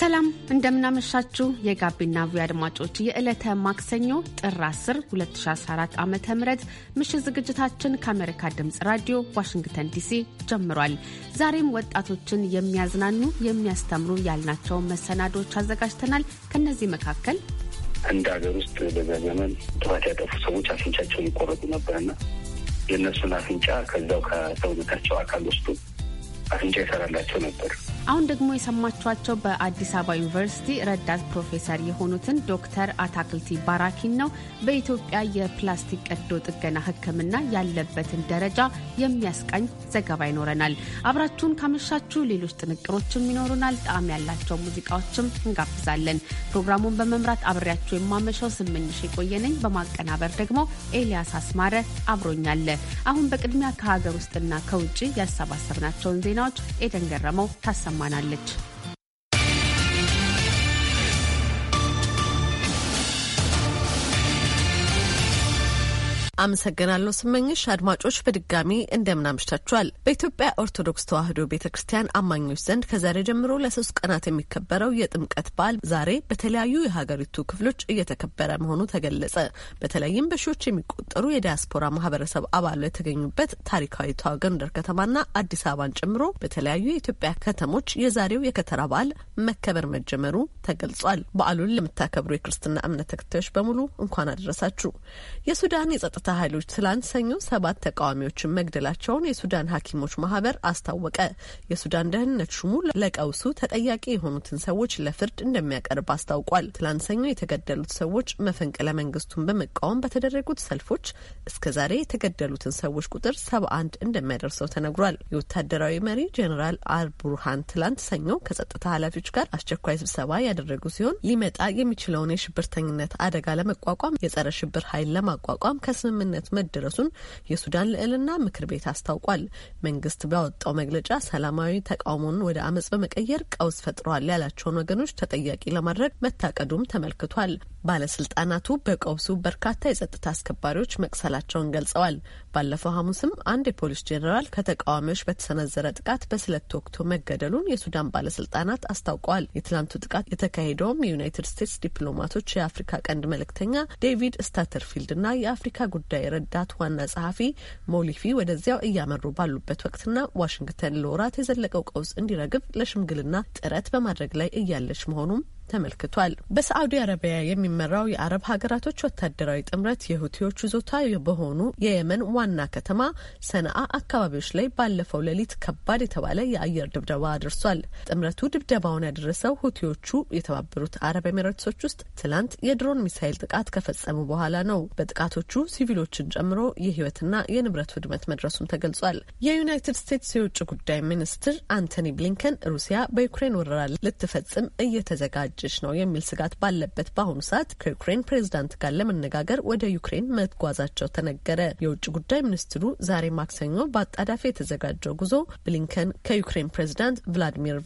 ሰላም እንደምናመሻችሁ የጋቢና ቪ አድማጮች የዕለተ ማክሰኞ ጥር 10 2014 ዓ ም ምሽት ዝግጅታችን ከአሜሪካ ድምፅ ራዲዮ ዋሽንግተን ዲሲ ጀምሯል። ዛሬም ወጣቶችን የሚያዝናኑ የሚያስተምሩ ያልናቸውን መሰናዶዎች አዘጋጅተናል። ከእነዚህ መካከል እንደ ሀገር ውስጥ በዛ ዘመን ጥፋት ያጠፉ ሰዎች አፍንጫቸውን ይቆረጡ ነበርና የእነሱን አፍንጫ ከዛው ከሰውነታቸው አካል ውስጡ አፍንጫ ይሰራላቸው ነበር አሁን ደግሞ የሰማችኋቸው በአዲስ አበባ ዩኒቨርሲቲ ረዳት ፕሮፌሰር የሆኑትን ዶክተር አታክልቲ ባራኪን ነው። በኢትዮጵያ የፕላስቲክ ቀዶ ጥገና ሕክምና ያለበትን ደረጃ የሚያስቃኝ ዘገባ ይኖረናል። አብራችሁን ካመሻችሁ ሌሎች ጥንቅሮችም ይኖሩናል። ጣዕም ያላቸው ሙዚቃዎችም እንጋብዛለን። ፕሮግራሙን በመምራት አብሬያችሁ የማመሻው ስምንሽ የቆየነኝ፣ በማቀናበር ደግሞ ኤልያስ አስማረ አብሮኛለ። አሁን በቅድሚያ ከሀገር ውስጥና ከውጭ ያሰባሰብናቸውን ዜናዎች ኤደን ገረመው ታሰማ ታሰማናለች። አመሰግናለሁ ስመኝሽ። አድማጮች በድጋሚ እንደምናምሽታችኋል። በኢትዮጵያ ኦርቶዶክስ ተዋሕዶ ቤተ ክርስቲያን አማኞች ዘንድ ከዛሬ ጀምሮ ለሶስት ቀናት የሚከበረው የጥምቀት በዓል ዛሬ በተለያዩ የሀገሪቱ ክፍሎች እየተከበረ መሆኑ ተገለጸ። በተለይም በሺዎች የሚቆጠሩ የዲያስፖራ ማህበረሰብ አባሉ የተገኙበት ታሪካዊቷ ጎንደር ከተማና አዲስ አበባን ጨምሮ በተለያዩ የኢትዮጵያ ከተሞች የዛሬው የከተራ በዓል መከበር መጀመሩ ተገልጿል። በዓሉን ለምታከብሩ የክርስትና እምነት ተከታዮች በሙሉ እንኳን አደረሳችሁ። የሱዳን የጸጥታ የጸጥታ ኃይሎች ትላንት ሰኞ ሰባት ተቃዋሚዎችን መግደላቸውን የሱዳን ሐኪሞች ማህበር አስታወቀ። የሱዳን ደህንነት ሹሙ ለቀውሱ ተጠያቂ የሆኑትን ሰዎች ለፍርድ እንደሚያቀርብ አስታውቋል። ትላንት ሰኞ የተገደሉት ሰዎች መፈንቅለ መንግስቱን በመቃወም በተደረጉት ሰልፎች እስከዛሬ የተገደሉትን ሰዎች ቁጥር ሰባ አንድ እንደሚያደርሰው ተነግሯል። የወታደራዊ መሪ ጄኔራል ቡርሃን ትላንት ሰኞ ከጸጥታ ኃላፊዎች ጋር አስቸኳይ ስብሰባ ያደረጉ ሲሆን ሊመጣ የሚችለውን የሽብርተኝነት አደጋ ለመቋቋም የጸረ ሽብር ኃይል ለማቋቋም ከስምምነ ስምምነት መደረሱን የሱዳን ልዕልና ምክር ቤት አስታውቋል። መንግስት ባወጣው መግለጫ ሰላማዊ ተቃውሞን ወደ አመጽ በመቀየር ቀውስ ፈጥሯል ያላቸውን ወገኖች ተጠያቂ ለማድረግ መታቀዱም ተመልክቷል። ባለስልጣናቱ በቀውሱ በርካታ የጸጥታ አስከባሪዎች መቅሰላቸውን ገልጸዋል። ባለፈው ሐሙስም አንድ የፖሊስ ጄኔራል ከተቃዋሚዎች በተሰነዘረ ጥቃት በስለት ወቅቶ መገደሉን የሱዳን ባለስልጣናት አስታውቀዋል። የትላንቱ ጥቃት የተካሄደውም የዩናይትድ ስቴትስ ዲፕሎማቶች የአፍሪካ ቀንድ መልእክተኛ ዴቪድ ስታተርፊልድና የአፍሪካ ጉዳይ ጉዳይ ረዳት ዋና ጸሐፊ ሞሊፊ ወደዚያው እያመሩ ባሉበት ወቅትና ዋሽንግተን ለወራት የዘለቀው ቀውስ እንዲረግብ ለሽምግልና ጥረት በማድረግ ላይ እያለች መሆኑም ተመልክቷል። በሳዑዲ አረቢያ የሚመራው የአረብ ሀገራቶች ወታደራዊ ጥምረት የሁቲዎች ይዞታ በሆኑ የየመን ዋና ከተማ ሰነአ አካባቢዎች ላይ ባለፈው ሌሊት ከባድ የተባለ የአየር ድብደባ አድርሷል። ጥምረቱ ድብደባውን ያደረሰው ሁቲዎቹ የተባበሩት አረብ ኤሚሬትሶች ውስጥ ትላንት የድሮን ሚሳይል ጥቃት ከፈጸሙ በኋላ ነው። በጥቃቶቹ ሲቪሎችን ጨምሮ የህይወትና የንብረት ውድመት መድረሱም ተገልጿል። የዩናይትድ ስቴትስ የውጭ ጉዳይ ሚኒስትር አንቶኒ ብሊንከን ሩሲያ በዩክሬን ወረራ ልትፈጽም እየተዘጋጀ እያጋጨች ነው የሚል ስጋት ባለበት በአሁኑ ሰዓት ከዩክሬን ፕሬዚዳንት ጋር ለመነጋገር ወደ ዩክሬን መጓዛቸው ተነገረ። የውጭ ጉዳይ ሚኒስትሩ ዛሬ ማክሰኞ በአጣዳፊ የተዘጋጀው ጉዞ ብሊንከን ከዩክሬን ፕሬዚዳንት ቭላዲሚር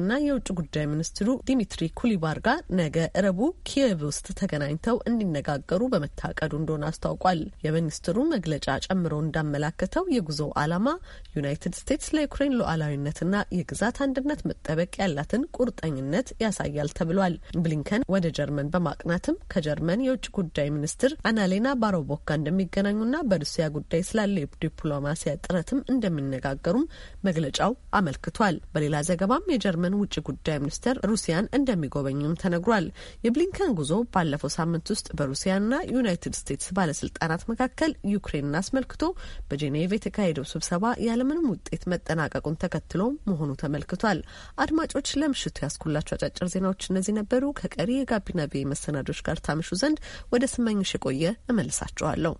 እና የውጭ ጉዳይ ሚኒስትሩ ዲሚትሪ ኩሊባር ጋር ነገ እረቡ ኪየቭ ውስጥ ተገናኝተው እንዲነጋገሩ በመታቀዱ እንደሆነ አስታውቋል። የሚኒስትሩ መግለጫ ጨምሮ እንዳመላከተው የጉዞው ዓላማ ዩናይትድ ስቴትስ ለዩክሬን ሉዓላዊነትና የግዛት አንድነት መጠበቅ ያላትን ቁርጠኝነት ያሳያል ተብሏል። ብሊንከን ወደ ጀርመን በማቅናትም ከጀርመን የውጭ ጉዳይ ሚኒስትር አናሌና ባሮቦካ እንደሚገናኙና በሩሲያ ጉዳይ ስላለ ዲፕሎማሲያ ጥረትም እንደሚነጋገሩም መግለጫው አመልክቷል። በሌላ ዘገባም የጀርመን ውጭ ጉዳይ ሚኒስትር ሩሲያን እንደሚጎበኙም ተነግሯል። የብሊንከን ጉዞ ባለፈው ሳምንት ውስጥ በሩሲያና ዩናይትድ ስቴትስ ባለስልጣናት መካከል ዩክሬንን አስመልክቶ በጄኔቭ የተካሄደው ስብሰባ ያለምንም ውጤት መጠናቀቁን ተከትሎ መሆኑ ተመልክቷል። አድማጮች ለምሽቱ ያስኩላቸው አጫጭር ዜናዎች እነዚህ ነበሩ። ከቀሪ የጋቢና ቤ መሰናዶች ጋር ታምሹ ዘንድ ወደ ስመኝሽ የቆየ እመልሳችኋለሁ።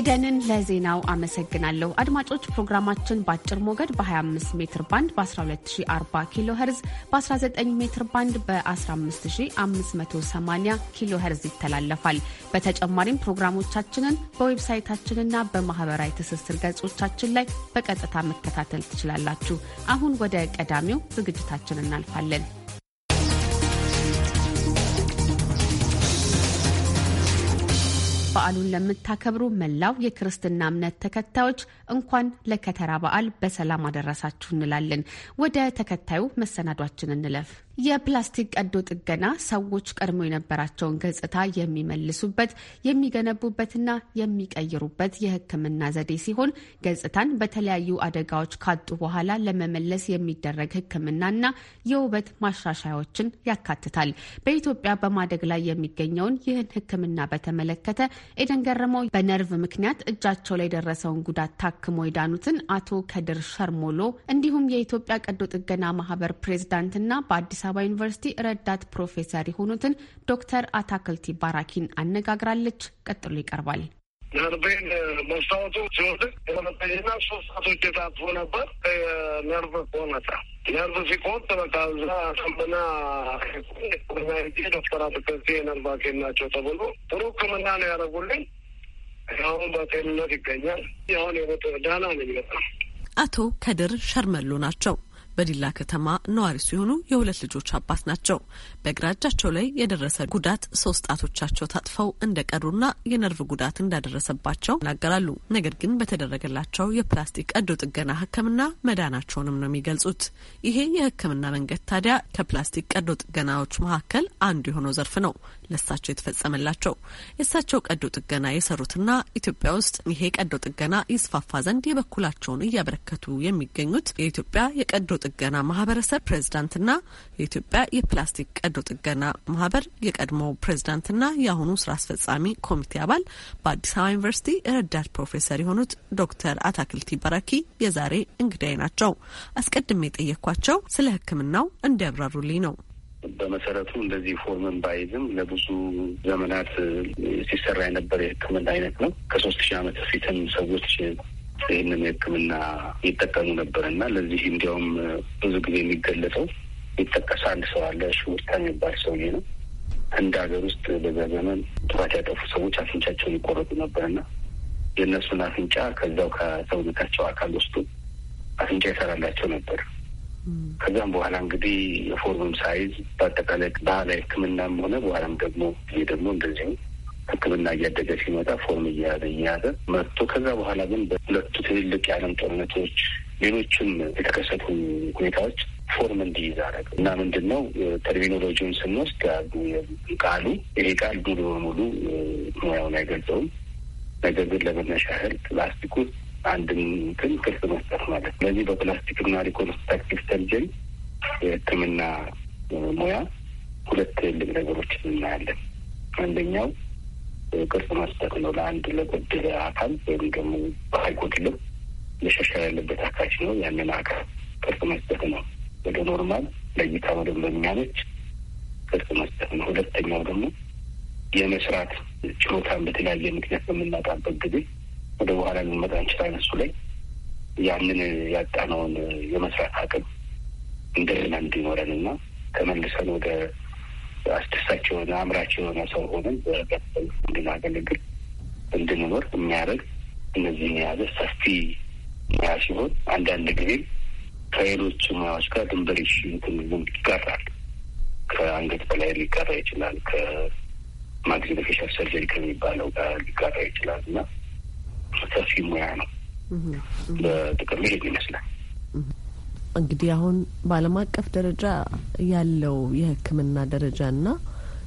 ኤደንን ለዜናው አመሰግናለሁ። አድማጮች ፕሮግራማችን በአጭር ሞገድ በ25 ሜትር ባንድ በ1240 ኪሎ ሄርዝ በ19 ሜትር ባንድ በ15580 ኪሎ ሄርዝ ይተላለፋል። በተጨማሪም ፕሮግራሞቻችንን በዌብሳይታችንና በማህበራዊ ትስስር ገጾቻችን ላይ በቀጥታ መከታተል ትችላላችሁ። አሁን ወደ ቀዳሚው ዝግጅታችን እናልፋለን። በዓሉን ለምታከብሩ መላው የክርስትና እምነት ተከታዮች እንኳን ለከተራ በዓል በሰላም አደረሳችሁ እንላለን። ወደ ተከታዩ መሰናዷችን እንለፍ። የፕላስቲክ ቀዶ ጥገና ሰዎች ቀድሞ የነበራቸውን ገጽታ የሚመልሱበት የሚገነቡበትና የሚቀይሩበት የሕክምና ዘዴ ሲሆን ገጽታን በተለያዩ አደጋዎች ካጡ በኋላ ለመመለስ የሚደረግ ሕክምናና የውበት ማሻሻያዎችን ያካትታል። በኢትዮጵያ በማደግ ላይ የሚገኘውን ይህን ሕክምና በተመለከተ ኤደን ገረመው በነርቭ ምክንያት እጃቸው ላይ የደረሰውን ጉዳት ታክሞ የዳኑትን አቶ ከድር ሸርሞሎ እንዲሁም የኢትዮጵያ ቀዶ ጥገና ማህበር ፕሬዝዳንትና በአዲስ አበባ ዩኒቨርሲቲ ረዳት ፕሮፌሰር የሆኑትን ዶክተር አታክልቲ ባራኪን አነጋግራለች። ቀጥሎ ይቀርባል። ነርቬን መስታወቱ ሲወድቅ የሆነጠኝና ሶስት ሰዓቶች የታጥፎ ነበር። ነርቭ ቆነጠ። ነርቭ ሲቆጥ በቃ እዛ ሕክምና ዜ ዶክተር አትክልቴ የነርቭ ሐኪም ናቸው ተብሎ ጥሩ ሕክምና ነው ያደረጉልኝ። አሁን በጤንነት ይገኛል። አሁን ዳና ነኝ በጣም። አቶ ከድር ሸርመሉ ናቸው በዲላ ከተማ ነዋሪ ሲሆኑ የሁለት ልጆች አባት ናቸው። በግራ እጃቸው ላይ የደረሰ ጉዳት ሶስት ጣቶቻቸው ታጥፈው እንደቀሩና የነርቭ ጉዳት እንዳደረሰባቸው ይናገራሉ። ነገር ግን በተደረገላቸው የፕላስቲክ ቀዶ ጥገና ሕክምና መዳናቸውንም ነው የሚገልጹት። ይሄ የሕክምና መንገድ ታዲያ ከፕላስቲክ ቀዶ ጥገናዎች መካከል አንዱ የሆነው ዘርፍ ነው። ለሳቸው የተፈጸመላቸው። የእሳቸው ቀዶ ጥገና የሰሩትና ኢትዮጵያ ውስጥ ይሄ ቀዶ ጥገና ይስፋፋ ዘንድ የበኩላቸውን እያበረከቱ የሚገኙት የኢትዮጵያ የቀዶ ጥገና ማህበረሰብ ፕሬዝዳንትና የኢትዮጵያ የፕላስቲክ ቀዶ ጥገና ማህበር የቀድሞ ፕሬዝዳንትና የአሁኑ ስራ አስፈጻሚ ኮሚቴ አባል በአዲስ አበባ ዩኒቨርሲቲ ረዳት ፕሮፌሰር የሆኑት ዶክተር አታክልቲ በረኪ የዛሬ እንግዳይ ናቸው። አስቀድሜ የጠየኳቸው ስለ ሕክምናው እንዲያብራሩልኝ ነው። በመሰረቱ እንደዚህ ፎርምን ባይዝም ለብዙ ዘመናት ሲሰራ የነበረ የሕክምና አይነት ነው። ከሶስት ሺህ ዓመት በፊትም ሰዎች ይህንን ሕክምና ይጠቀሙ ነበር እና ለዚህ እንዲያውም ብዙ ጊዜ የሚገለጸው ይጠቀስ አንድ ሰው አለ ሽውታ የሚባል ሰውዬ ነው። ህንድ ሀገር ውስጥ በዛ ዘመን ጥፋት ያጠፉ ሰዎች አፍንጫቸውን ይቆረጡ ነበርና የእነሱን አፍንጫ ከዛው ከሰውነታቸው አካል ውስጡ አፍንጫ ይሰራላቸው ነበር። ከዛም በኋላ እንግዲህ የፎርምም ሳይዝ በአጠቃላይ ባህላዊ ሕክምናም ሆነ በኋላም ደግሞ ይህ ደግሞ እንደዚሁ ሕክምና እያደገ ሲመጣ ፎርም እየያዘ እየያዘ መጥቶ ከዛ በኋላ ግን በሁለቱ ትልልቅ የዓለም ጦርነቶች ሌሎችም የተከሰቱ ሁኔታዎች ፎርም እንዲይዝ አረግ እና ምንድን ነው ተርሚኖሎጂውን ስንወስድ ያሉ ቃሉ ይሄ ቃል ሙሉ በሙሉ ሙያውን አይገልጸውም። ነገር ግን ለመነሻ ያህል ፕላስቲክ ውስጥ አንድ እንትን ቅርጽ መስጠት ማለት ነው። ስለዚህ በፕላስቲክና ሪኮንስትራክቲቭ ሰርጀሪ የህክምና ሙያ ሁለት ትልቅ ነገሮችን እናያለን። አንደኛው ቅርጽ መስጠት ነው። ለአንድ ለጎደለ አካል ወይም ደግሞ ባይጎድልም መሻሻል ያለበት አካች ነው። ያንን አካል ቅርጽ መስጠት ነው። ወደ ኖርማል ለእይታ ወደ ቅርጽ መስጠት ነው። ሁለተኛው ደግሞ የመስራት ችሎታን በተለያየ ምክንያት በምናጣበት ጊዜ ወደ በኋላ ልንመጣ እንችላለን። እሱ ላይ ያንን ያጣነውን የመስራት አቅም እንደገና እንዲኖረን እና ተመልሰን ወደ አስደሳች የሆነ አምራች የሆነ ሰው ሆነን እንድናገለግል እንድንኖር የሚያደርግ እነዚህን የያዘ ሰፊ ሙያ ሲሆን አንዳንድ ጊዜም ከሌሎች ሙያዎች ጋር ድንበር ሽንትንም ይቀራል። ከአንገት በላይ ሊቀራ ይችላል። ከማግዝኒፊሻል ሰርጀሪ ከሚባለው ጋር ሊጋራ ይችላል እና ሰፊ ሙያ ነው። በጥቅሉ ይሄን ይመስላል። እንግዲህ አሁን በዓለም አቀፍ ደረጃ ያለው የሕክምና ደረጃ እና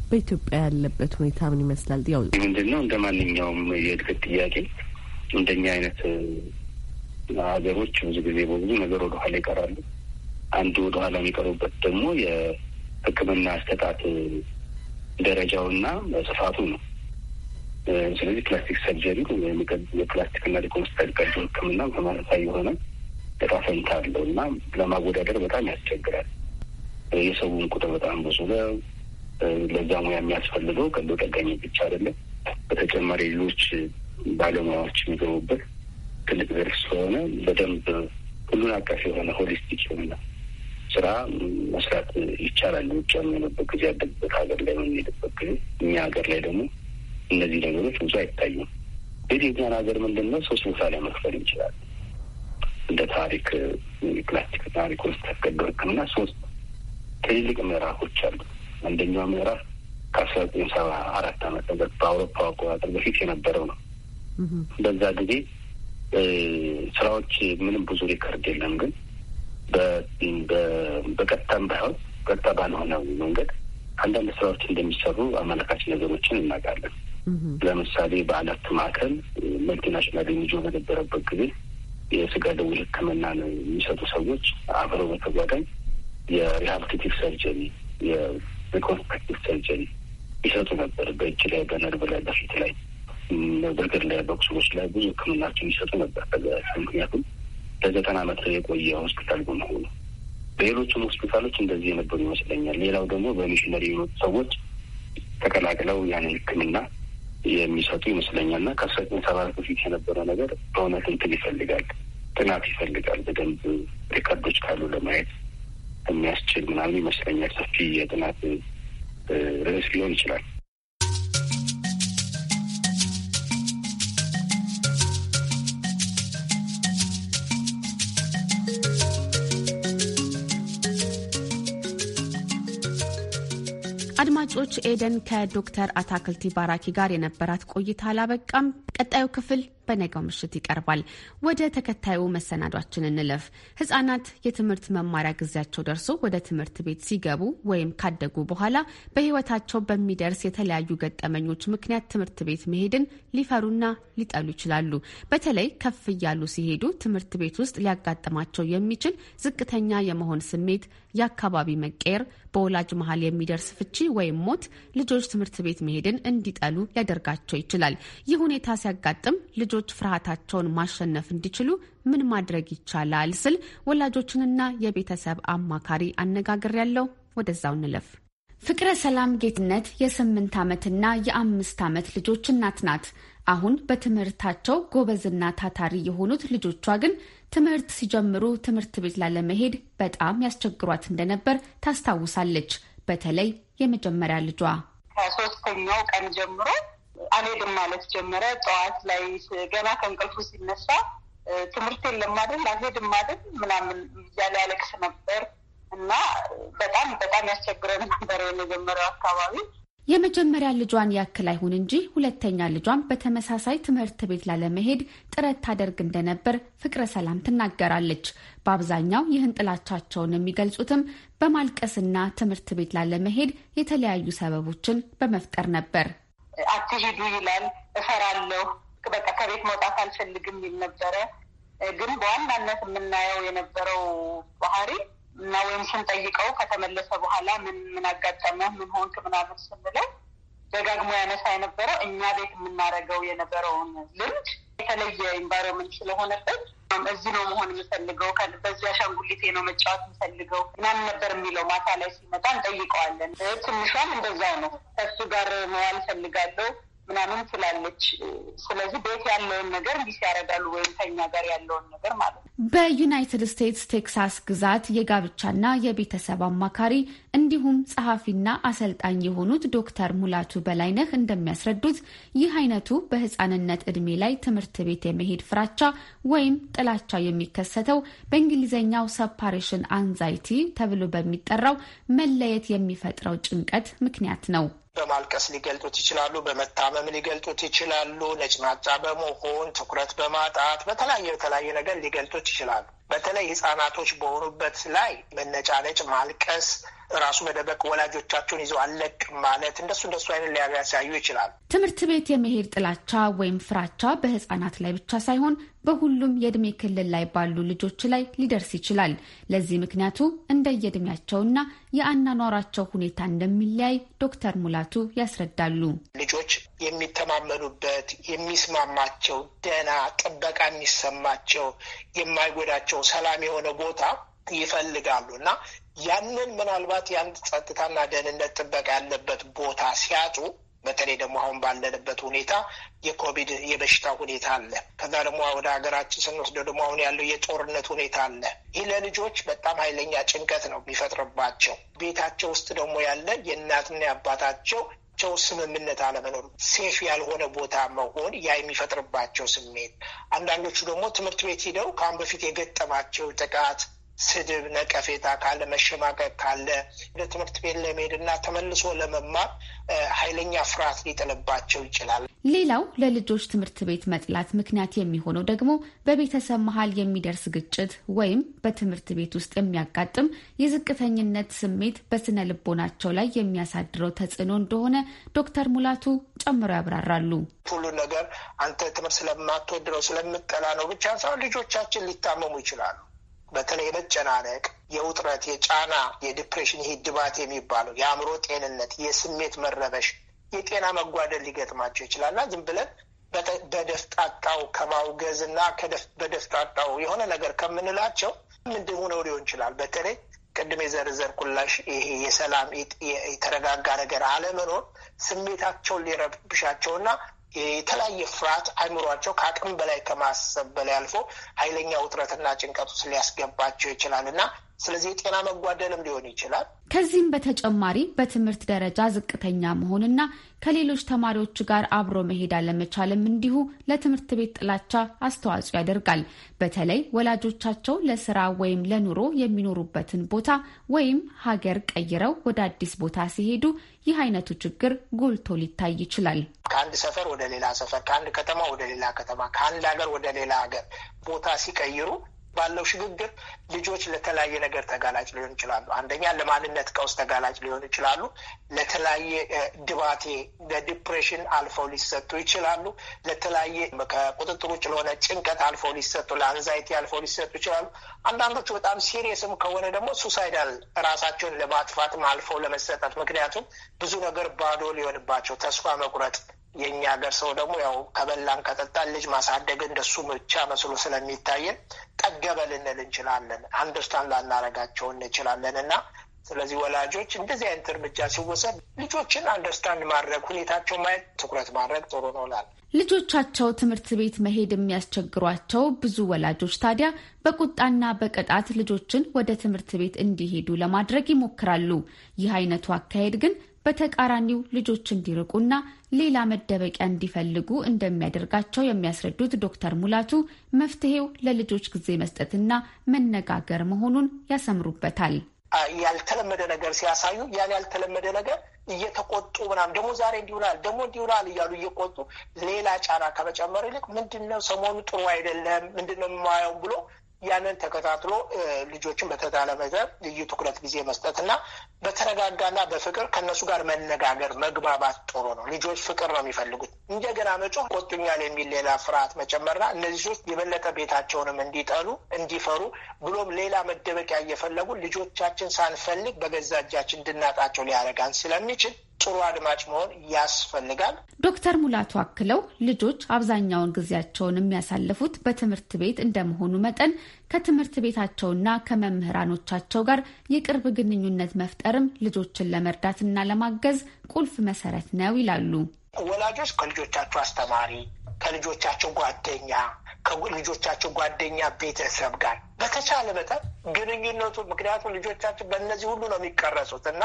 በኢትዮጵያ ያለበት ሁኔታ ምን ይመስላል? ያው ምንድን ነው እንደ ማንኛውም የእድገት ጥያቄ እንደኛ አይነት ሀገሮች ብዙ ጊዜ በብዙ ነገር ወደኋላ ይቀራሉ። አንዱ ወደኋላ የሚቀሩበት ደግሞ የሕክምና አሰጣጥ ደረጃውና ስፋቱ ነው። ስለዚህ ፕላስቲክ ሰርጀሪ ወይም የፕላስቲክና ሪኮንስታይል ቀዶ ሕክምና ተመሳሳይ የሆነ እጣ ፈንታ አለው እና ለማወዳደር በጣም ያስቸግራል። የሰውን ቁጥር በጣም ብዙ ነው። ለዛ ሙያ የሚያስፈልገው ቀዶ ጠጋኞች ብቻ አይደለም። በተጨማሪ ሌሎች ባለሙያዎች የሚገቡበት ትልቅ ዘርፍ ስለሆነ በደንብ ሁሉን አቀፍ የሆነ ሆሊስቲክ የሆነ ስራ መስራት ይቻላል። ውጭ የሚሆንበት ጊዜ ያደግበት ሀገር ላይ በሚሄድበት ጊዜ እኛ ሀገር ላይ ደግሞ እነዚህ ነገሮች ብዙ አይታዩም። እንግዲህ የኛን ሀገር ምንድን ነው ሶስት ቦታ ላይ መክፈል እንችላለን። እንደ ታሪክ ፕላስቲክ ታሪክ ውስጥ ተስቀደር ሕክምና ሶስት ትልልቅ ምዕራፎች አሉ። አንደኛው ምዕራፍ ከአስራ ዘጠኝ ሰባ አራት አመት ምህረት በአውሮፓ አቆጣጠር በፊት የነበረው ነው። በዛ ጊዜ ስራዎች ምንም ብዙ ሪከርድ የለም፣ ግን በቀጥታም ባይሆን ቀጥታ ባልሆነው መንገድ አንዳንድ ስራዎች እንደሚሰሩ አመለካች ነገሮችን እናውቃለን። ለምሳሌ በአላት ማዕከል መልቲናሽናል ኤንጂኦ በነበረበት ጊዜ የስጋ ደዌ ሕክምና ነው የሚሰጡ ሰዎች አብረው በተጓዳኝ የሪሃብቲቲቭ ሰርጀሪ የሪኮንስትራክቲቭ ሰርጀሪ ይሰጡ ነበር። በእጅ ላይ፣ በነርብ ላይ፣ በፊት ላይ፣ በእግር ላይ፣ በቁስሎች ላይ ብዙ ሕክምናቸውን ይሰጡ ነበር። ምክንያቱም ለዘጠና ዓመት የቆየ ሆስፒታል በመሆኑ በሌሎችም ሆስፒታሎች እንደዚህ የነበሩ ይመስለኛል። ሌላው ደግሞ በሚሽነሪ የመጡ ሰዎች ተቀላቅለው ያንን ሕክምና የሚሰጡ ይመስለኛል እና ከአስራ ዘጠኝ ሰባ በፊት የነበረው ነገር በእውነት እንትን ይፈልጋል፣ ጥናት ይፈልጋል። በደንብ ሪከርዶች ካሉ ለማየት የሚያስችል ምናምን ይመስለኛል። ሰፊ የጥናት ርዕስ ሊሆን ይችላል። አድማጮች ኤደን ከዶክተር አታክልቲ ባራኪ ጋር የነበራት ቆይታ አላበቃም። ቀጣዩ ክፍል በነገው ምሽት ይቀርባል። ወደ ተከታዩ መሰናዷችን እንለፍ። ህጻናት የትምህርት መማሪያ ጊዜያቸው ደርሶ ወደ ትምህርት ቤት ሲገቡ ወይም ካደጉ በኋላ በህይወታቸው በሚደርስ የተለያዩ ገጠመኞች ምክንያት ትምህርት ቤት መሄድን ሊፈሩና ሊጠሉ ይችላሉ። በተለይ ከፍ እያሉ ሲሄዱ ትምህርት ቤት ውስጥ ሊያጋጥማቸው የሚችል ዝቅተኛ የመሆን ስሜት፣ የአካባቢ መቀየር በወላጅ መሀል የሚደርስ ፍቺ ወይም ሞት ልጆች ትምህርት ቤት መሄድን እንዲጠሉ ሊያደርጋቸው ይችላል። ይህ ሁኔታ ሲያጋጥም ልጆች ፍርሃታቸውን ማሸነፍ እንዲችሉ ምን ማድረግ ይቻላል ስል ወላጆችንና የቤተሰብ አማካሪ አነጋግር ያለው ወደዛው እንለፍ። ፍቅረ ሰላም ጌትነት የስምንት ዓመትና የአምስት ዓመት ልጆች እናት ናት። አሁን በትምህርታቸው ጎበዝና ታታሪ የሆኑት ልጆቿ ግን ትምህርት ሲጀምሩ ትምህርት ቤት ላለመሄድ በጣም ያስቸግሯት እንደነበር ታስታውሳለች። በተለይ የመጀመሪያ ልጇ ከሶስተኛው ቀን ጀምሮ አልሄድም ማለት ጀመረ። ጠዋት ላይ ገና ከእንቅልፉ ሲነሳ ትምህርት የለም አይደል አልሄድም አይደል ምናምን እያለ ያለቅስ ነበር እና በጣም በጣም ያስቸግረን ነበር የመጀመሪያው አካባቢ የመጀመሪያ ልጇን ያክል አይሁን እንጂ ሁለተኛ ልጇን በተመሳሳይ ትምህርት ቤት ላለመሄድ ጥረት ታደርግ እንደነበር ፍቅረ ሰላም ትናገራለች። በአብዛኛው ይህን ጥላቻቸውን የሚገልጹትም በማልቀስና ትምህርት ቤት ላለመሄድ የተለያዩ ሰበቦችን በመፍጠር ነበር። አትሄዱ ይላል፣ እፈራለሁ፣ በቃ ከቤት መውጣት አልፈልግም ይል ነበረ። ግን በዋናነት የምናየው የነበረው ባህሪ እና ወይም ስንጠይቀው ከተመለሰ በኋላ ምን ምን አጋጠመ ምን ሆንክ ምናምን ስንለው ደጋግሞ ያነሳ የነበረው እኛ ቤት የምናደርገው የነበረውን ልምድ የተለየ ኢንቫይሮመንት ስለሆነበት እዚህ ነው መሆን የምፈልገው፣ በዚህ አሻንጉሊቴ ነው መጫወት የምፈልገው ምናምን ነበር የሚለው። ማታ ላይ ሲመጣ እንጠይቀዋለን። ትንሿም እንደዛው ነው። ከሱ ጋር መዋል ፈልጋለሁ ምናምን ስላለች ስለዚህ ቤት ያለውን ነገር እንዲህ ያደርጋሉ ወይም ከኛ ጋር ያለውን ነገር ማለት ነው። በዩናይትድ ስቴትስ ቴክሳስ ግዛት የጋብቻና የቤተሰብ አማካሪ እንዲሁም ጸሐፊና አሰልጣኝ የሆኑት ዶክተር ሙላቱ በላይነህ እንደሚያስረዱት ይህ አይነቱ በህፃንነት እድሜ ላይ ትምህርት ቤት የመሄድ ፍራቻ ወይም ጥላቻ የሚከሰተው በእንግሊዝኛው ሰፓሬሽን አንዛይቲ ተብሎ በሚጠራው መለየት የሚፈጥረው ጭንቀት ምክንያት ነው። በማልቀስ ሊገልጡት ይችላሉ። በመታመም ሊገልጡት ይችላሉ። ነጭናጫ በመሆን ትኩረት በማጣት በተለያየ በተለያየ ነገር ሊገልጡት ይችላሉ። በተለይ ህጻናቶች በሆኑበት ላይ መነጫነጭ፣ ማልቀስ ራሱ መደበቅ ወላጆቻቸውን ይዘው አለቅ ማለት እንደሱ እንደሱ አይነት ሊያሳዩ ይችላል። ትምህርት ቤት የመሄድ ጥላቻ ወይም ፍራቻ በህጻናት ላይ ብቻ ሳይሆን በሁሉም የዕድሜ ክልል ላይ ባሉ ልጆች ላይ ሊደርስ ይችላል። ለዚህ ምክንያቱ እንደየዕድሜያቸውና የአናኗራቸው ሁኔታ እንደሚለያይ ዶክተር ሙላቱ ያስረዳሉ። ልጆች የሚተማመኑበት የሚስማማቸው፣ ደህና ጥበቃ የሚሰማቸው፣ የማይጎዳቸው ሰላም የሆነ ቦታ ይፈልጋሉ እና ያንን ምናልባት የአንድ ጸጥታና ደህንነት ጥበቃ ያለበት ቦታ ሲያጡ በተለይ ደግሞ አሁን ባለንበት ሁኔታ የኮቪድ የበሽታ ሁኔታ አለ። ከዛ ደግሞ ወደ ሀገራችን ስንወስደው ደግሞ አሁን ያለው የጦርነት ሁኔታ አለ። ይህ ለልጆች በጣም ኃይለኛ ጭንቀት ነው የሚፈጥርባቸው። ቤታቸው ውስጥ ደግሞ ያለ የእናትና የአባታቸው ቸው ስምምነት አለመኖር፣ ሴፍ ያልሆነ ቦታ መሆን ያ የሚፈጥርባቸው ስሜት፣ አንዳንዶቹ ደግሞ ትምህርት ቤት ሂደው ከአሁን በፊት የገጠማቸው ጥቃት ስድብ፣ ነቀፌታ ካለ መሸማቀቅ ካለ ወደ ትምህርት ቤት ለመሄድና ተመልሶ ለመማር ኃይለኛ ፍርሃት ሊጥልባቸው ይችላል። ሌላው ለልጆች ትምህርት ቤት መጥላት ምክንያት የሚሆነው ደግሞ በቤተሰብ መሀል የሚደርስ ግጭት ወይም በትምህርት ቤት ውስጥ የሚያጋጥም የዝቅተኝነት ስሜት በስነ ልቦናቸው ላይ የሚያሳድረው ተጽዕኖ እንደሆነ ዶክተር ሙላቱ ጨምረው ያብራራሉ። ሁሉ ነገር አንተ ትምህርት ስለማትወድረው ስለምጠላ ነው ብቻ ሳይሆን ልጆቻችን ሊታመሙ ይችላሉ በተለይ የመጨናነቅ፣ የውጥረት፣ የጫና፣ የዲፕሬሽን፣ ይሄ ድባት የሚባለው የአእምሮ ጤንነት፣ የስሜት መረበሽ፣ የጤና መጓደል ሊገጥማቸው ይችላልና ዝም ብለን በደፍጣጣው ከማውገዝ እና በደፍጣጣው የሆነ ነገር ከምንላቸው ምንድን ሆነው ሊሆን ይችላል። በተለይ ቅድም የዘርዘር ኩላሽ ይሄ የሰላም የተረጋጋ ነገር አለመኖር ስሜታቸውን ሊረብሻቸውና የተለያየ ፍርሃት አይምሯቸው ከአቅም በላይ ከማሰብ በላይ አልፎ ኃይለኛ ውጥረትና ጭንቀት ውስጥ ሊያስገባቸው ይችላል እና ስለዚህ የጤና መጓደልም ሊሆን ይችላል። ከዚህም በተጨማሪ በትምህርት ደረጃ ዝቅተኛ መሆንና ከሌሎች ተማሪዎች ጋር አብሮ መሄድ አለመቻልም እንዲሁ ለትምህርት ቤት ጥላቻ አስተዋጽኦ ያደርጋል። በተለይ ወላጆቻቸው ለስራ ወይም ለኑሮ የሚኖሩበትን ቦታ ወይም ሀገር ቀይረው ወደ አዲስ ቦታ ሲሄዱ ይህ አይነቱ ችግር ጎልቶ ሊታይ ይችላል። ከአንድ ሰፈር ወደ ሌላ ሰፈር፣ ከአንድ ከተማ ወደ ሌላ ከተማ፣ ከአንድ ሀገር ወደ ሌላ ሀገር ቦታ ሲቀይሩ ባለው ሽግግር ልጆች ለተለያየ ነገር ተጋላጭ ሊሆን ይችላሉ። አንደኛ ለማንነት ቀውስ ተጋላጭ ሊሆኑ ይችላሉ። ለተለያየ ድባቴ፣ ለዲፕሬሽን አልፈው ሊሰጡ ይችላሉ። ለተለያየ ከቁጥጥር ውጭ ለሆነ ጭንቀት አልፈው ሊሰጡ፣ ለአንዛይቲ አልፈው ሊሰጡ ይችላሉ። አንዳንዶቹ በጣም ሲሪየስም ከሆነ ደግሞ ሱሳይዳል ራሳቸውን ለማጥፋትም አልፈው ለመሰጠት፣ ምክንያቱም ብዙ ነገር ባዶ ሊሆንባቸው ተስፋ መቁረጥ የእኛ ሀገር ሰው ደግሞ ያው ከበላን ከጠጣን ልጅ ማሳደግ እንደሱ ብቻ መስሎ ስለሚታየን ጠገበ ልንል እንችላለን። አንደርስታንድ ላናረጋቸው እንችላለን እና ስለዚህ ወላጆች እንደዚህ አይነት እርምጃ ሲወሰድ ልጆችን አንደርስታንድ ማድረግ፣ ሁኔታቸው ማየት፣ ትኩረት ማድረግ ጥሩ ነው ላል ልጆቻቸው ትምህርት ቤት መሄድ የሚያስቸግሯቸው ብዙ ወላጆች ታዲያ በቁጣና በቅጣት ልጆችን ወደ ትምህርት ቤት እንዲሄዱ ለማድረግ ይሞክራሉ። ይህ አይነቱ አካሄድ ግን በተቃራኒው ልጆች እንዲርቁና ሌላ መደበቂያ እንዲፈልጉ እንደሚያደርጋቸው የሚያስረዱት ዶክተር ሙላቱ መፍትሄው ለልጆች ጊዜ መስጠትና መነጋገር መሆኑን ያሰምሩበታል። ያልተለመደ ነገር ሲያሳዩ ያን ያልተለመደ ነገር እየተቆጡ ምናምን ደግሞ ዛሬ እንዲሆናል ደግሞ እንዲሆናል እያሉ እየቆጡ ሌላ ጫና ከመጨመር ይልቅ ምንድነው ሰሞኑ ጥሩ አይደለም ምንድነው የማየው ብሎ ያንን ተከታትሎ ልጆችን በተታለበተ ልዩ ትኩረት ጊዜ መስጠትና በተረጋጋና በፍቅር ከእነሱ ጋር መነጋገር መግባባት ጥሩ ነው። ልጆች ፍቅር ነው የሚፈልጉት። እንደገና መጮህ ቆጡኛል የሚል ሌላ ፍርሃት መጨመርና እነዚህ ሶስት የበለጠ ቤታቸውንም እንዲጠሉ እንዲፈሩ፣ ብሎም ሌላ መደበቂያ እየፈለጉ ልጆቻችን ሳንፈልግ በገዛ እጃችን እንድናጣቸው ሊያደርጋን ስለሚችል ጥሩ አድማጭ መሆን ያስፈልጋል። ዶክተር ሙላቱ አክለው ልጆች አብዛኛውን ጊዜያቸውን የሚያሳልፉት በትምህርት ቤት እንደመሆኑ መጠን ከትምህርት ቤታቸውና ከመምህራኖቻቸው ጋር የቅርብ ግንኙነት መፍጠርም ልጆችን ለመርዳትና ለማገዝ ቁልፍ መሰረት ነው ይላሉ። ወላጆች ከልጆቻቸው አስተማሪ፣ ከልጆቻቸው ጓደኛ፣ ከልጆቻቸው ጓደኛ ቤተሰብ ጋር በተቻለ መጠን ግንኙነቱ ምክንያቱም ልጆቻቸው በእነዚህ ሁሉ ነው የሚቀረጹት እና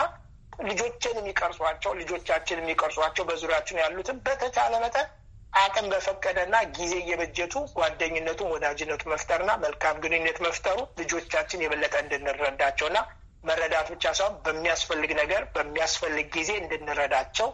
ልጆችን የሚቀርሷቸው ልጆቻችን የሚቀርጿቸው በዙሪያችን ያሉትን በተቻለ መጠን አቅም በፈቀደና ጊዜ እየበጀቱ ጓደኝነቱን ወዳጅነቱ መፍጠርና መልካም ግንኙነት መፍጠሩ ልጆቻችን የበለጠ እንድንረዳቸውና መረዳት ብቻ ሳይሆን በሚያስፈልግ ነገር በሚያስፈልግ ጊዜ እንድንረዳቸው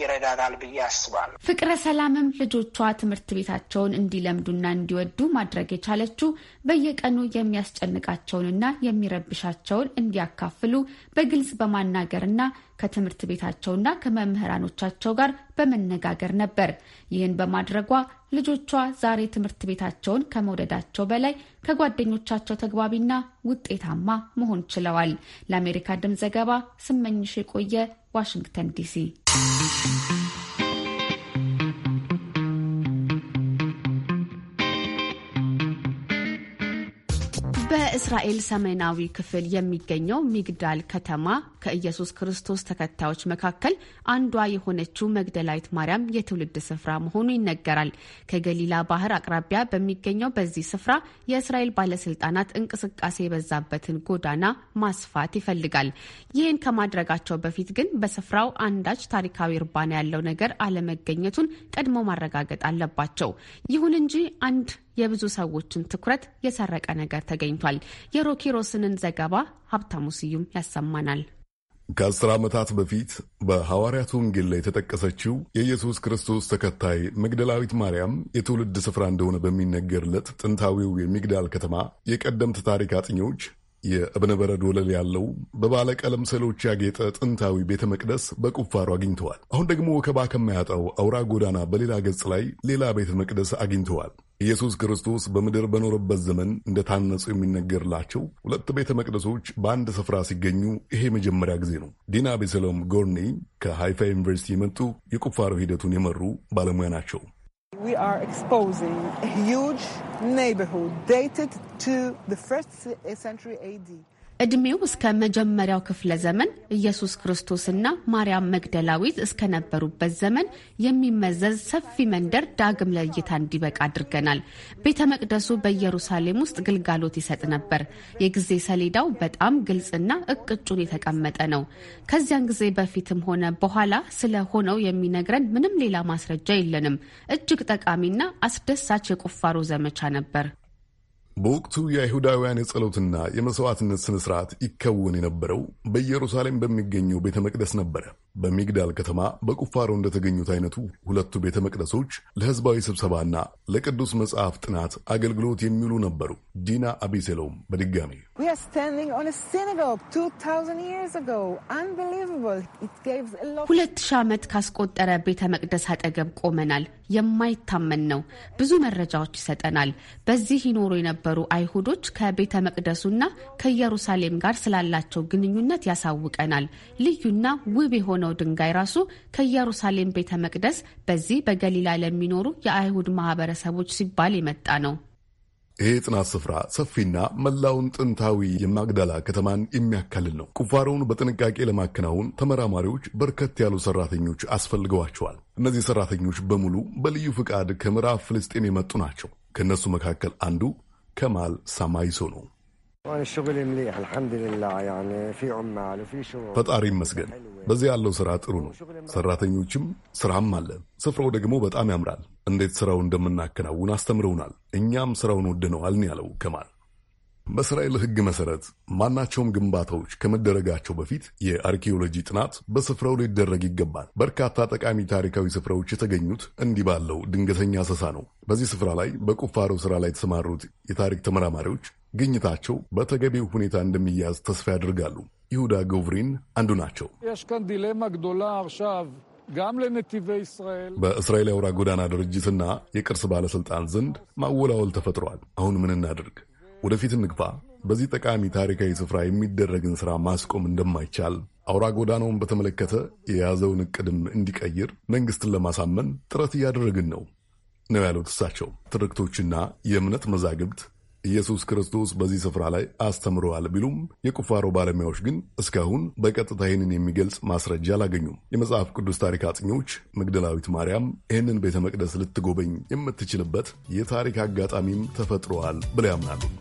ይረዳናል ብዬ አስባለሁ። ፍቅረ ሰላምም ልጆቿ ትምህርት ቤታቸውን እንዲለምዱና እንዲወዱ ማድረግ የቻለችው በየቀኑ የሚያስጨንቃቸውንና የሚረብሻቸውን እንዲያካፍሉ በግልጽ በማናገርና ከትምህርት ቤታቸውና ከመምህራኖቻቸው ጋር በመነጋገር ነበር። ይህን በማድረጓ ልጆቿ ዛሬ ትምህርት ቤታቸውን ከመውደዳቸው በላይ ከጓደኞቻቸው ተግባቢና ውጤታማ መሆን ችለዋል። ለአሜሪካ ድምፅ ዘገባ ስመኝሽ የቆየ ዋሽንግተን ዲሲ በእስራኤል ሰሜናዊ ክፍል የሚገኘው ሚግዳል ከተማ ከኢየሱስ ክርስቶስ ተከታዮች መካከል አንዷ የሆነችው መግደላዊት ማርያም የትውልድ ስፍራ መሆኑ ይነገራል። ከገሊላ ባህር አቅራቢያ በሚገኘው በዚህ ስፍራ የእስራኤል ባለስልጣናት እንቅስቃሴ የበዛበትን ጎዳና ማስፋት ይፈልጋል። ይህን ከማድረጋቸው በፊት ግን በስፍራው አንዳች ታሪካዊ እርባና ያለው ነገር አለመገኘቱን ቀድሞ ማረጋገጥ አለባቸው። ይሁን እንጂ አንድ የብዙ ሰዎችን ትኩረት የሰረቀ ነገር ተገኝቷል። የሮኪሮስንን ዘገባ ሀብታሙ ስዩም ያሰማናል። ከአስር ዓመታት በፊት በሐዋርያቱ ወንጌል ላይ የተጠቀሰችው የኢየሱስ ክርስቶስ ተከታይ መግደላዊት ማርያም የትውልድ ስፍራ እንደሆነ በሚነገርለት ጥንታዊው የሚግዳል ከተማ የቀደምት ታሪክ አጥኚዎች የእብነ በረድ ወለል ያለው በባለቀለም ስዕሎች ያጌጠ ጥንታዊ ቤተ መቅደስ በቁፋሮ አግኝተዋል። አሁን ደግሞ ወከባ ከማያጣው አውራ ጎዳና በሌላ ገጽ ላይ ሌላ ቤተ መቅደስ አግኝተዋል። ኢየሱስ ክርስቶስ በምድር በኖረበት ዘመን እንደታነጹ የሚነገርላቸው ሁለት ቤተ መቅደሶች በአንድ ስፍራ ሲገኙ ይሄ መጀመሪያ ጊዜ ነው። ዲና ቤሰሎም ጎርኒ ከሃይፋ ዩኒቨርሲቲ የመጡ የቁፋሮ ሂደቱን የመሩ ባለሙያ ናቸው። እድሜው እስከ መጀመሪያው ክፍለ ዘመን ኢየሱስ ክርስቶስና ማርያም መግደላዊት እስከነበሩበት ዘመን የሚመዘዝ ሰፊ መንደር ዳግም ለእይታ እንዲበቃ አድርገናል። ቤተ መቅደሱ በኢየሩሳሌም ውስጥ ግልጋሎት ይሰጥ ነበር። የጊዜ ሰሌዳው በጣም ግልጽና እቅጩን የተቀመጠ ነው። ከዚያን ጊዜ በፊትም ሆነ በኋላ ስለሆነው የሚነግረን ምንም ሌላ ማስረጃ የለንም። እጅግ ጠቃሚና አስደሳች የቁፋሮ ዘመቻ ነበር። በወቅቱ የአይሁዳውያን የጸሎትና የመሥዋዕትነት ሥነ ሥርዓት ይከወን የነበረው በኢየሩሳሌም በሚገኘው ቤተ መቅደስ ነበረ። በሚግዳል ከተማ በቁፋሮ እንደተገኙት አይነቱ ሁለቱ ቤተ መቅደሶች ለሕዝባዊ ስብሰባና ለቅዱስ መጽሐፍ ጥናት አገልግሎት የሚውሉ ነበሩ። ዲና አቢሴሎም በድጋሚ ሁለት ሺህ ዓመት ካስቆጠረ ቤተ መቅደስ አጠገብ ቆመናል። የማይታመን ነው። ብዙ መረጃዎች ይሰጠናል። በዚህ ይኖሩ የነበሩ የነበሩ አይሁዶች ከቤተ መቅደሱና ከኢየሩሳሌም ጋር ስላላቸው ግንኙነት ያሳውቀናል። ልዩና ውብ የሆነው ድንጋይ ራሱ ከኢየሩሳሌም ቤተ መቅደስ በዚህ በገሊላ ለሚኖሩ የአይሁድ ማህበረሰቦች ሲባል የመጣ ነው። ይሄ ጥናት ስፍራ ሰፊና መላውን ጥንታዊ የማግዳላ ከተማን የሚያካልል ነው። ቁፋሮውን በጥንቃቄ ለማከናወን ተመራማሪዎች በርከት ያሉ ሰራተኞች አስፈልገዋቸዋል። እነዚህ ሰራተኞች በሙሉ በልዩ ፍቃድ ከምዕራብ ፍልስጤም የመጡ ናቸው። ከእነሱ መካከል አንዱ ከማል ሳማይሶ ነው። ፈጣሪ ይመስገን፣ በዚህ ያለው ስራ ጥሩ ነው። ሠራተኞችም ሥራም አለ። ስፍራው ደግሞ በጣም ያምራል። እንዴት ስራው እንደምናከናውን አስተምረውናል። እኛም ሥራውን ወድነዋል ያለው ከማል በእስራኤል ሕግ መሠረት ማናቸውም ግንባታዎች ከመደረጋቸው በፊት የአርኪኦሎጂ ጥናት በስፍራው ሊደረግ ይገባል። በርካታ ጠቃሚ ታሪካዊ ስፍራዎች የተገኙት እንዲህ ባለው ድንገተኛ አሰሳ ነው። በዚህ ስፍራ ላይ በቁፋሮ ስራ ላይ የተሰማሩት የታሪክ ተመራማሪዎች ግኝታቸው በተገቢው ሁኔታ እንደሚያዝ ተስፋ ያደርጋሉ። ይሁዳ ገብሪን አንዱ ናቸው። በእስራኤል አውራ ጎዳና ድርጅትና የቅርስ ባለሥልጣን ዘንድ ማወላወል ተፈጥሯል። አሁን ምን እናድርግ? ወደፊት እንግፋ። በዚህ ጠቃሚ ታሪካዊ ስፍራ የሚደረግን ሥራ ማስቆም እንደማይቻል አውራ ጎዳናውን በተመለከተ የያዘውን እቅድም እንዲቀይር መንግስትን ለማሳመን ጥረት እያደረግን ነው ነው ያሉት እሳቸው። ትርክቶችና የእምነት መዛግብት ኢየሱስ ክርስቶስ በዚህ ስፍራ ላይ አስተምረዋል ቢሉም የቁፋሮ ባለሙያዎች ግን እስካሁን በቀጥታ ይህንን የሚገልጽ ማስረጃ አላገኙም። የመጽሐፍ ቅዱስ ታሪክ አጥኚዎች መግደላዊት ማርያም ይህንን ቤተ መቅደስ ልትጎበኝ የምትችልበት የታሪክ አጋጣሚም ተፈጥረዋል ብለው ያምናሉ።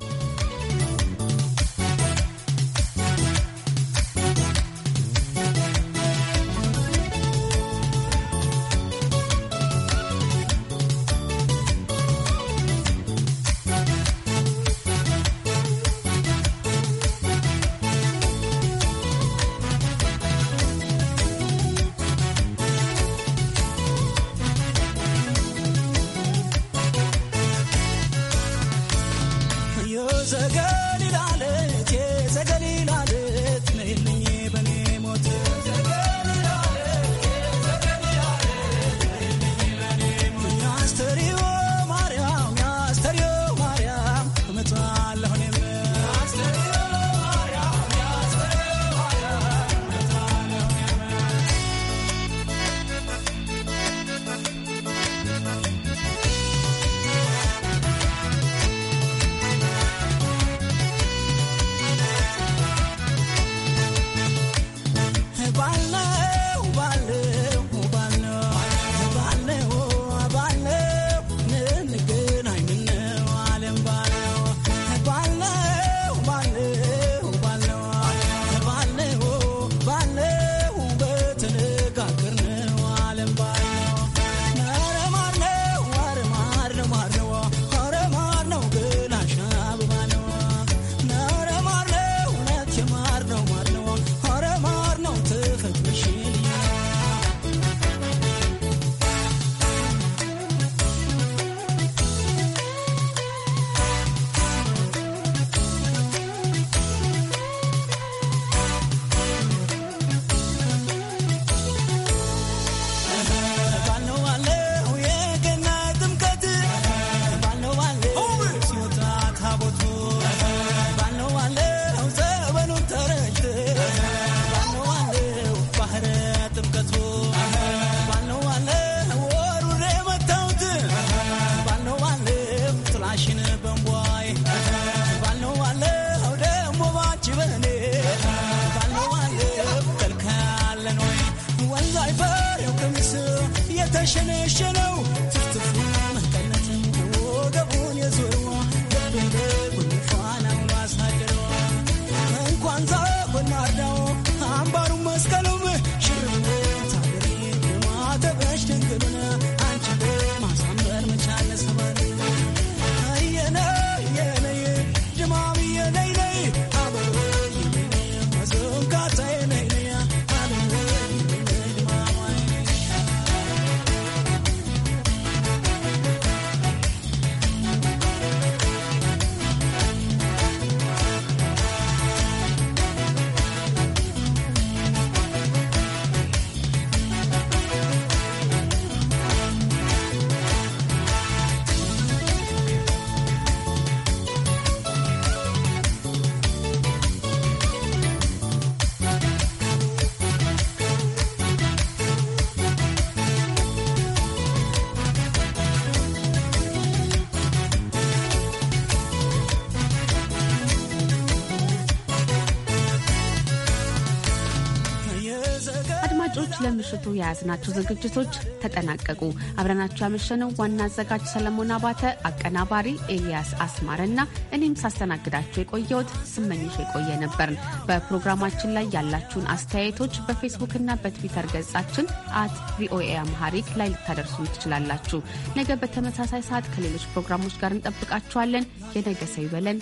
ለምሽቱ የያዝናቸው ዝግጅቶች ተጠናቀቁ። አብረናቸው ያመሸነው ዋና አዘጋጅ ሰለሞን አባተ፣ አቀናባሪ ኤልያስ አስማረና እኔም ሳስተናግዳቸው የቆየሁት ስመኝሽ የቆየ ነበርን። በፕሮግራማችን ላይ ያላችሁን አስተያየቶች በፌስቡክና በትዊተር ገጻችን አት ቪኦኤ አምሃሪክ ላይ ልታደርሱን ትችላላችሁ። ነገ በተመሳሳይ ሰዓት ከሌሎች ፕሮግራሞች ጋር እንጠብቃችኋለን። የነገ ሰው ይበለን።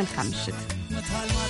መልካም ምሽት።